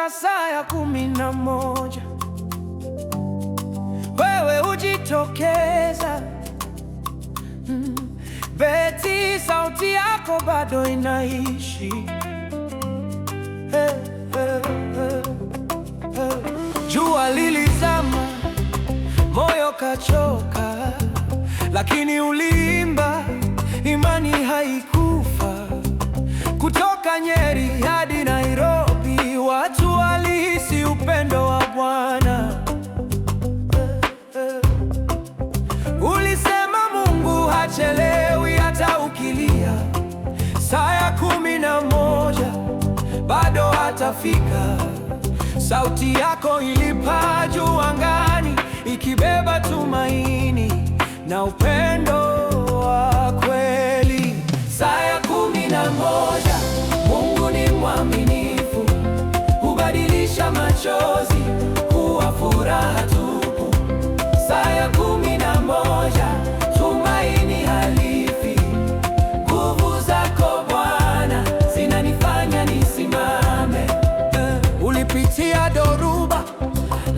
hata saa ya kumi na moja wewe hujitokeza mm. Beti, sauti yako bado inaishi hey, eh, eh, hey, eh, hey, hey. Jua lilizama, moyo kachoka, lakini uliimba, imani haikufa kutoka Nyeri atafika. Sauti yako ilipaa juu angani, ikibeba tumaini na upendo wa kweli. Saa ya kumi na moja. Mungu ni mwaminifu, hubadilisha machozi kuwa furaha tupu. Saa ya kumi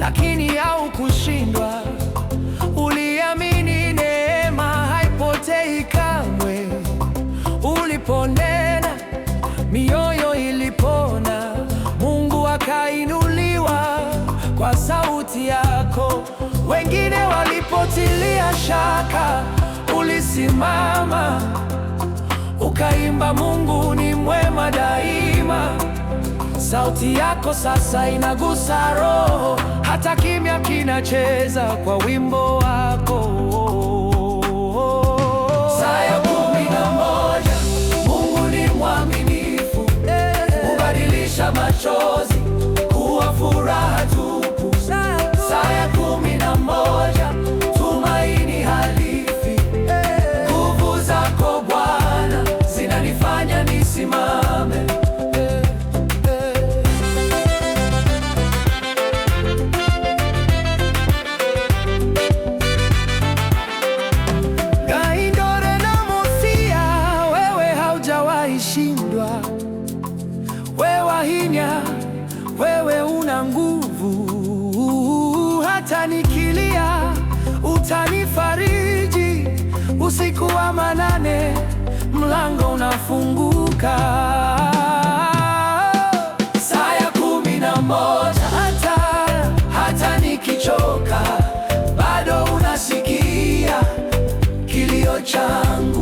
lakini haukushindwa. Uliamini neema haipotei kamwe. Uliponena, mioyo ilipona, Mungu akainuliwa kwa sauti yako. Wengine walipotilia shaka, ulisimama ukaimba, Mungu ni mwema daima. Sauti yako sasa inagusa roho hata kimya kinacheza kwa wimbo wako. utanikilia, utanifariji. Usiku wa manane, mlango unafunguka, saa ya kumi na moja. Hata hata nikichoka, bado unasikia kilio changu.